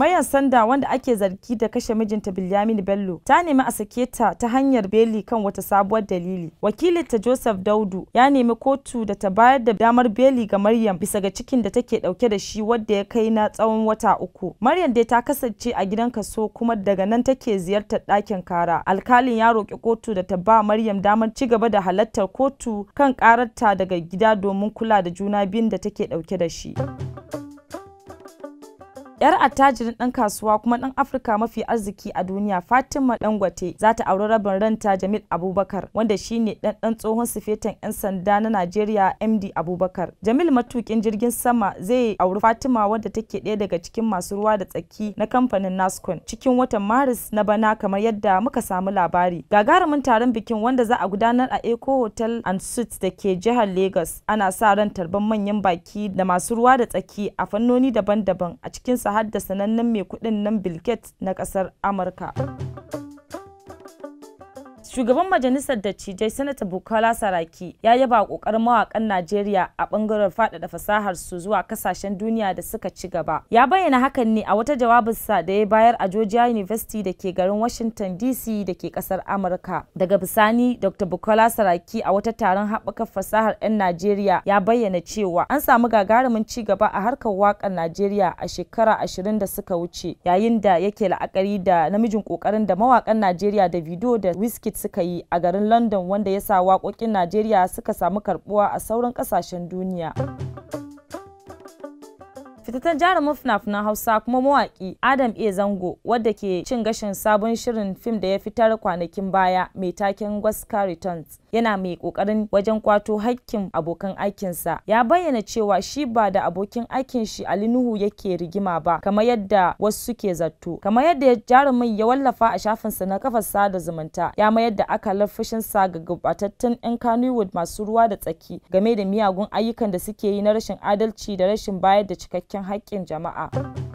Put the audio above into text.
Maryam Sanda wanda ake zargi da kashe mijinta Bilyamini Bello ta nemi a sake ta ta hanyar beli kan wata sabuwar dalili. Wakilinta Joseph Daudu ya nemi kotu da ta bayar da damar beli ga Maryam bisa ga cikin da take dauke da shi wadda ya kai na tsawon wata uku. Maryam dai ta kasance a gidan kaso kuma daga nan take ziyartar ɗakin kara. Alkalin ya roƙi kotu da ta ba Maryam damar ci gaba da halartar kotu kan ƙararta daga gida domin kula da juna biyun da take dauke da shi. Yar attajirin ɗan kasuwa kuma ɗan Afirka mafi arziki a duniya Fatima Dangote za ta auri rabin ranta Jamil Abubakar wanda shine ɗan ɗan tsohon sifetan 'yan sanda na Najeriya MD Abubakar. Jamil matukin jirgin sama zai auri Fatima wanda take ɗaya daga cikin masu ruwa da tsaki na kamfanin Nascon cikin watan Maris na bana kamar yadda muka samu labari. Gagarumin taron bikin wanda za a gudanar a Eco Hotel and Suites da ke jihar Lagos ana sa ran tarban manyan baki da masu ruwa da tsaki a fannoni daban-daban a cikin har da sanannen mai kudin nan Bill Gates na kasar Amurka. Shugaban Majalisar Dattijai Sanata Bukola Saraki ya yaba kokarin mawakan Najeriya a bangaren faɗaɗa fasahar su zuwa kasashen duniya da suka ci gaba. Ya bayyana hakan ne a wata jawabinsa da ya bayar a Georgia University da ke garin Washington DC da ke kasar Amurka. Daga bisani Dr. Bukola Saraki a wata taron haɓaka fasahar 'yan Najeriya ya bayyana cewa an samu gagarumin ci gaba a harkar waƙar Najeriya a shekara ashirin da suka wuce yayin da yake la'akari da namijin kokarin da mawakan Najeriya da video da Wizkid suka yi a garin London wanda ya sa waƙoƙin Najeriya suka samu karɓuwa a sauran ƙasashen duniya. fitattun jarumin fina-finan hausa kuma mawaki adam a zango wadda ke cin gashin sabon shirin fim da ya fitar kwanakin baya mai taken gwaska returns yana mai kokarin wajen kwato hakkin abokan aikinsa ya bayyana cewa shi ba da abokin aikin shi ali nuhu yake rigima ba kamar yadda wasu suke zato kamar yadda jarumin ya wallafa a shafinsa na kafar sada zumunta ya mayar da akalar fushinsa ga gabatattun 'yan kanewood masu ruwa da tsaki game da miyagun ayyukan da suke yi na rashin adalci da rashin bayar da cikakken lokacin haƙƙin jama'a.